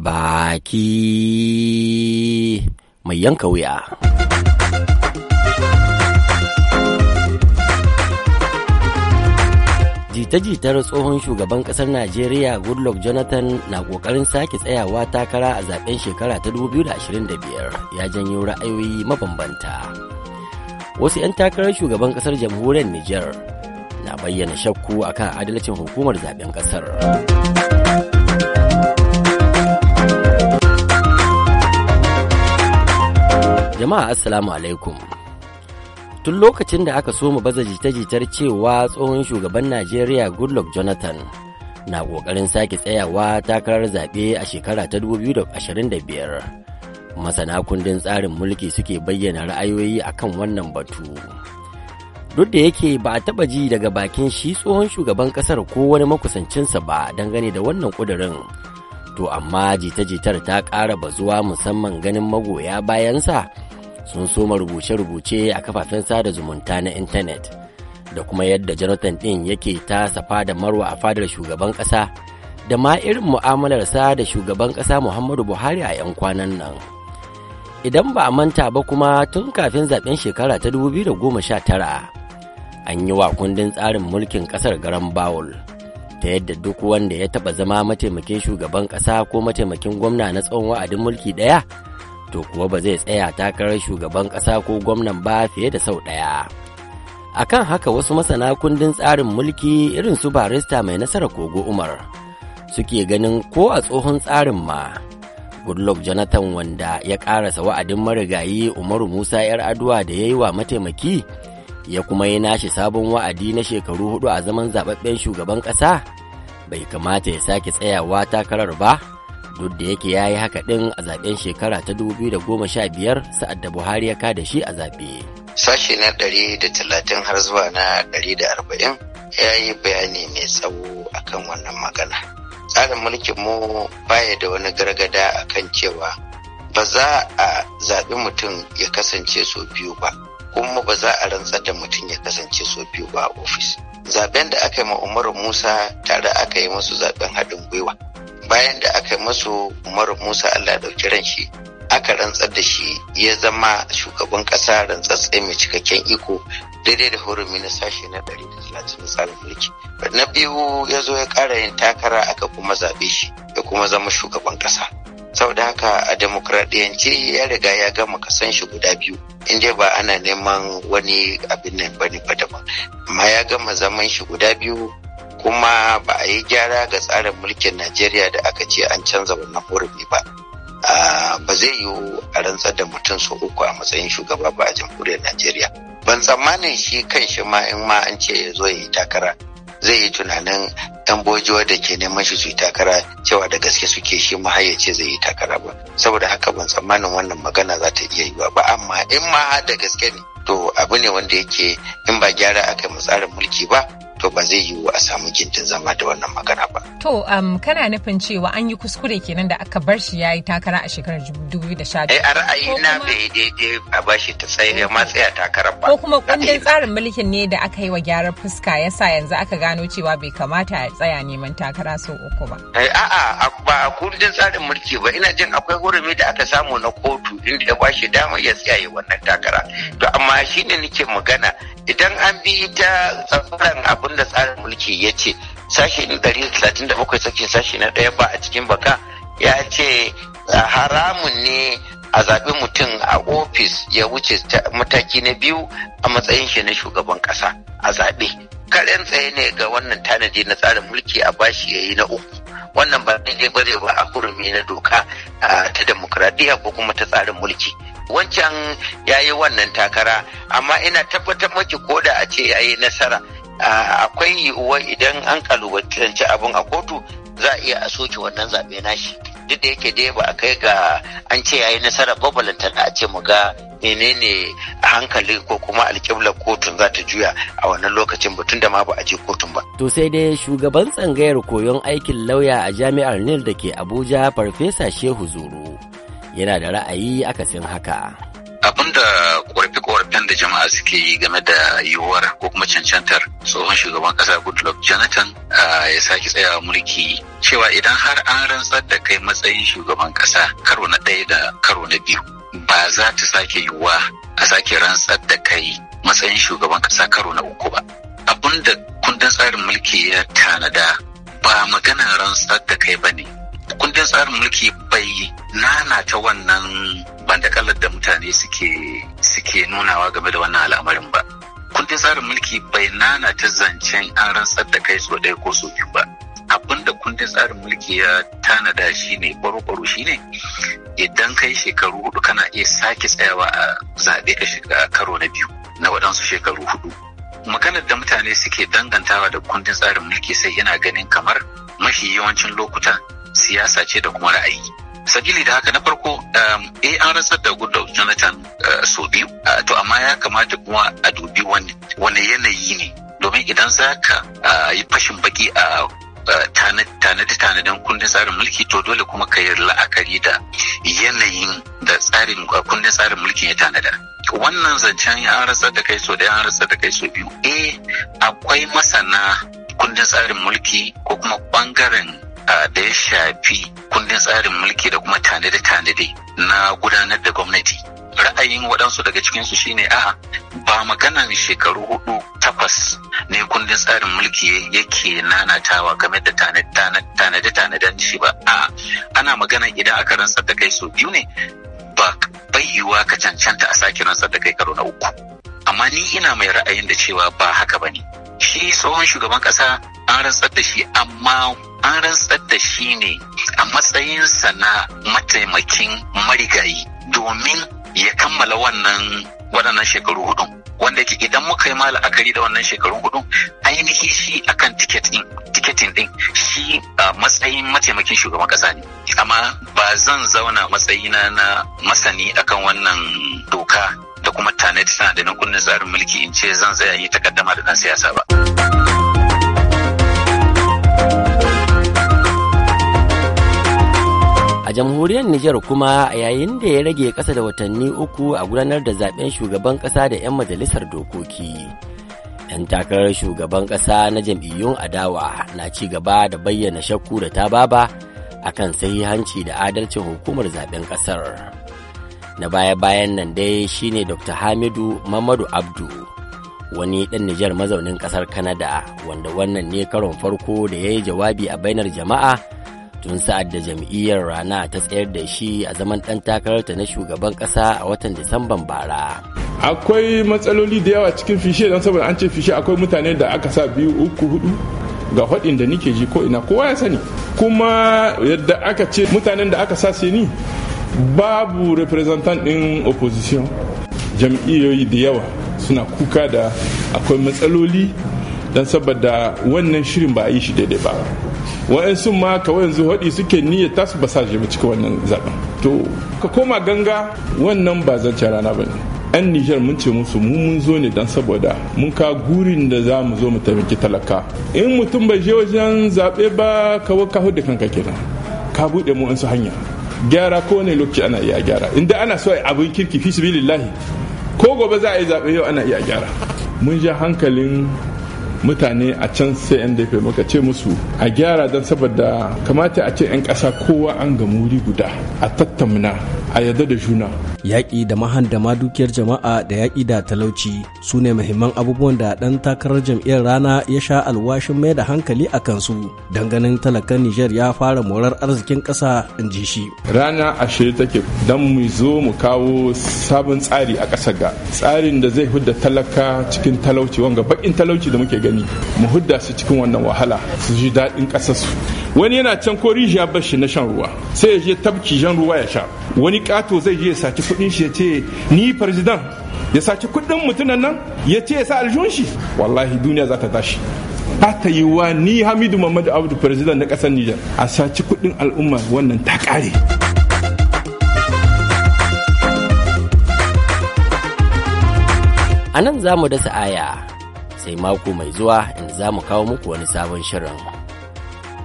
baki mai yanka wuya. Jita-jitar tsohon shugaban ƙasar Najeriya Goodluck Jonathan na ƙoƙarin sake tsayawa takara a zaben shekara ta 2025 ya janyo ra'ayoyi mabambanta. Wasu 'yan takarar shugaban ƙasar jamhuriyar Nijar na bayyana shakku akan adalcin hukumar zaben ƙasar. Jama'a Assalamu alaikum. Tun lokacin da aka so mu baza jita-jitar cewa tsohon shugaban Najeriya Goodluck Jonathan na ƙoƙarin sake tsayawa takarar zaɓe a shekara ta 2025. Masana kundin tsarin mulki suke bayyana ra'ayoyi akan wannan batu. Duk da yake ba a taɓa ji daga bakin shi tsohon shugaban ƙasar ko wani makusancinsa ba dangane da wannan ƙudurin. To amma jita-jitar ta ƙara bazuwa musamman ganin magoya bayansa sun soma rubuce-rubuce a kafafen sada zumunta na intanet da kuma yadda jonathan ɗin yake ta safa da marwa a fadar shugaban ƙasa da ma irin mu'amalarsa da shugaban ƙasa muhammadu buhari a 'yan kwanan nan idan ba a manta ba kuma tun kafin zaben shekara ta 2019 an yi wa kundin tsarin mulkin ƙasar garan bawul ta yadda duk wanda ya taɓa zama mataimakin shugaban ƙasa ko mataimakin gwamna na tsawon wa'adin mulki ɗaya to kuwa ba zai tsaya takarar shugaban ƙasa ko gwamnan ba fiye da sau ɗaya. A kan haka wasu masana kundin tsarin mulki irin su barista mai nasara kogo Umar suke ganin ko a tsohon tsarin ma. Goodluck Jonathan wanda ya ƙarasa wa'adin marigayi Umaru Musa 'yar aduwa da ya yi wa mataimaki ya kuma yi nashi sabon wa'adi na shekaru hudu a zaman zababben shugaban ƙasa bai kamata ya sake tsayawa takarar ba. duk da yake ya yi haka ɗin a zaben shekara ta 2015 sa'ad da buhari ya kada shi a zaɓe. sashe na 130 har zuwa na ɗari 140 ya yi bayani mai tsawo akan wannan magana tsarin mulkin mu baya da wani gargada akan cewa ba za a zaɓi mutum ya kasance sau biyu ba kuma ba za a rantsar da mutum ya kasance sau biyu ba a ofis zaben da aka yi ma umaru musa tare aka yi masu zaben haɗin gwiwa bayan da aka yi masu umaru musa allah ɗauki ran shi aka rantsar da shi ya zama shugaban ƙasa rantsatse mai cikakken iko daidai da hurumi na sashe na 130 tsarin mulki na biyu ya zo ya ƙara yin takara aka kuma zaɓe shi ya kuma zama shugaban ƙasa da haka a demokradiyance ya riga ya gama kasan shi guda biyu dai ba ana neman wani abin nan bane ba daban amma ya gama zaman shi guda biyu kuma ba a yi gyara ga tsarin mulkin najeriya da aka ce an canza wannan hurumi ba ba zai yiwu a rantsar da mutum sau uku a matsayin shugaba ba a jamhuriyar najeriya ban tsammanin shi kan shi ma in ma an ce ya zo ya yi takara zai yi tunanin yan bojiwa da ke neman shi su yi takara cewa da gaske suke shi mahayyace zai yi takara ba saboda haka ban tsammanin wannan magana za ta iya yiwa ba amma in ma da gaske ne to abu ne wanda yake in ba gyara aka yi tsarin mulki ba to ba zai yiwu a samu gindin zama da wannan magana ba. To um, kana nufin cewa an yi kuskure kenan da aka bar shi ya yi takara a shekarar 2012. Eh a ra'ayi bai daidai a ba shi ta tsaye ma tsaya takarar ba. Ko kuma kundin tsarin mulkin ne da aka yi wa gyaran fuska ya sa yanzu aka gano cewa bai kamata ya tsaya neman takara sau uku ba. Eh, a'a ba a kundin tsarin mulki ba ina jin akwai hurumi da aka samu na kotu inda ya ba shi dama ya tsaya wannan takara. To amma shine nake magana idan an bi ta tsaron abin abin da tsarin mulki ya ce sashi na ɗari talatin da bakwai sashi na ɗaya ba a cikin baka ya ce haramun ne a zaɓi mutum a ofis ya wuce mataki na biyu a matsayin shi na shugaban ƙasa a zaɓe karen tsaye ne ga wannan tanadi na tsarin mulki a bashi ya yi na uku wannan ba ne bare ba a hurumi na doka ta demokuraɗiyya ko kuma ta tsarin mulki wancan ya yi wannan takara amma ina tabbatar maki ko da a ce ya yi nasara akwai yiwuwa idan an kalubalanci abin a kotu za a iya a soke wannan zaɓe nashi duk da yake dai ba a kai ga an ce yayi nasara babalanta a ce mu ga menene a hankali ko kuma alƙiblar kotun za ta juya a wannan lokacin batun da ma ba a je kotun ba. To sai dai shugaban tsangayar koyon aikin lauya a jami'ar Nil da ke Abuja Farfesa Shehu Zuru yana da ra'ayi akasin haka. Abin da da jama'a suke yi game da yiwuwar ko kuma cancantar tsohon shugaban kasa goodluck jonathan ya sake tsayawa mulki cewa idan har an rantsar da kai matsayin shugaban kasa karo na ɗaya da karo na biyu ba za ta sake yiwuwa a sake rantsar da kai matsayin shugaban kasa karo na uku ba abin da kundin tsarin mulki ya tanada ba magana rantsar da kai ba ne kundin tsarin mulki bai nana ta wannan bandakalar da mutane suke suke nunawa game da wannan al'amarin ba kundin tsarin mulki bai nana ta zancen an rantsar da kai so ɗaya ko so biyu ba abin da kundin tsarin mulki ya tanada shi ne baro-baro shi ne idan kai shekaru hudu kana iya sake tsayawa a zaɓe a karo na biyu na waɗansu shekaru hudu maganar da mutane suke dangantawa da kundin tsarin mulki sai yana ganin kamar mafi yawancin lokuta siyasa ce da kuma ra'ayi sabili da haka na farko um, eh an rasar da gudu jonathan uh, sau biyu uh, to amma ya kamata kuma a dubi wani yanayi ne domin idan za ka uh, yi fashin baki a tanadi-tanadin kundin tsarin mulki to dole kuma ka yi la'akari da yanayin da tsarin kundin tsarin mulki ya tanada wannan zancen ya rasa da kai so da ya rasa da kai so biyu eh akwai masana kundin tsarin mulki ko kuma bangaren da ya shafi kundin tsarin mulki da kuma tanade-tanade na gudanar da gwamnati ra'ayin waɗansu daga cikinsu shine a ba maganan shekaru hudu takwas ne kundin tsarin mulki yake nanatawa game da tanade-tanaden shi ba a ana magana idan aka rantsar da kai sau biyu ne ba bai ka cancanta a sake rantsar da kai karo na uku amma ni ina mai ra'ayin da cewa ba haka ba ne shi tsohon shugaban ƙasa an rantsar da shi amma an rantsar da shi ne a matsayinsa na mataimakin marigayi domin ya kammala wannan waɗannan shekaru hudun wanda ke, idan muka yi mala akari da wannan shekaru hudu ainihi shi akan tiketin din shi a matsayin mataimakin shugaban ƙasa ne amma ba zan zauna matsayina na masani akan wannan doka da kuma tanadi sanadinin kundin tsarin mulki in ce zan zaya yi takaddama da ɗan siyasa ba. jamhuriyar Nijar kuma a yayin da ya rage ƙasa da watanni uku a gudanar da zaben shugaban ƙasa da 'yan majalisar dokoki. 'Yan takarar shugaban ƙasa na jam'iyyun adawa na ci gaba da bayyana shakku da ta baba a kan sahihanci da adalcin hukumar zaben ƙasar. Na baya-bayan nan dai shine Dr. Hamidu Mamadu Abdu, wani ɗan Nijar mazaunin ƙasar Kanada, wanda wannan ne karon farko da ya yi jawabi a bainar jama'a tun sa'ad da jam'iyyar rana ta tsayar da shi a zaman ɗan takararta na shugaban ƙasa a watan disamban bara akwai matsaloli da yawa cikin fishe don saboda an ce fishe akwai mutane da aka sa biyu uku hudu ga faɗin da nike ji ko ina kowa ya sani kuma yadda aka ce mutanen da aka sa ni babu representant ɗin opposition jam'iyyoyi da yawa suna kuka da akwai matsaloli don saboda wannan shirin ba a yi shi daidai ba sun ma kawai yanzu haɗi suke niyya tasu ba sa jami cikin wannan zaɓen to ka koma ganga wannan ba zancen rana ba ne yan nijar mun ce musu mu mun zo ne don saboda mun ka gurin da za mu zo mu taimaki talaka in mutum bai je wajen zaɓe ba wa ka da kanka kenan ka buɗe mu su hanya gyara ko ne lokaci ana iya gyara inda ana so abin kirki fi sabilillahi ko gobe za a yi zaɓe yau ana iya gyara mun ja hankalin mutane a can sai yan dafe muka ce musu a gyara don saboda kamata a ce 'yan ƙasa kowa an ga muri guda a tattamna a yadda da juna. Yaƙi da mahan da ma dukiyar jama'a da yaƙi da talauci su ne muhimman abubuwan da ɗan takarar jam'iyyar rana ya sha alwashin mai da hankali a kansu Danganin talakan Nijar ya fara morar arzikin ƙasa in ji shi. Rana ashirin take don mu zo mu kawo sabon tsari a ƙasar ga tsarin da zai hudda talaka cikin talauci wanga baƙin talauci da muke gani mu hudda su cikin wannan wahala su ji daɗin ƙasarsu. wani yana can ko rijiya shi na shan ruwa sai ya je tabki jan ruwa ya sha wani kato zai je ya saci kudin shi ya ce ni farzidan ya saci kudin mutunan nan ya ce ya sa aljun shi wallahi duniya za ta tashi ba ta yi wa ni hamidu Muhammadu abdu farzidan na kasar nijar a saci kudin al'umma wannan ta kare a nan za mu dasa aya sai mako mai zuwa inda za mu kawo muku wani sabon shirin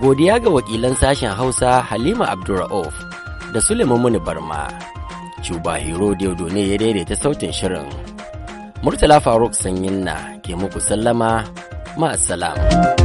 godiya ga wakilan sashen hausa halima abdulra'uf da suleiman muni barma cuba hero diodo ne ya daidaita sautin shirin murtala faruk sanyin na ke muku sallama ma'asalam.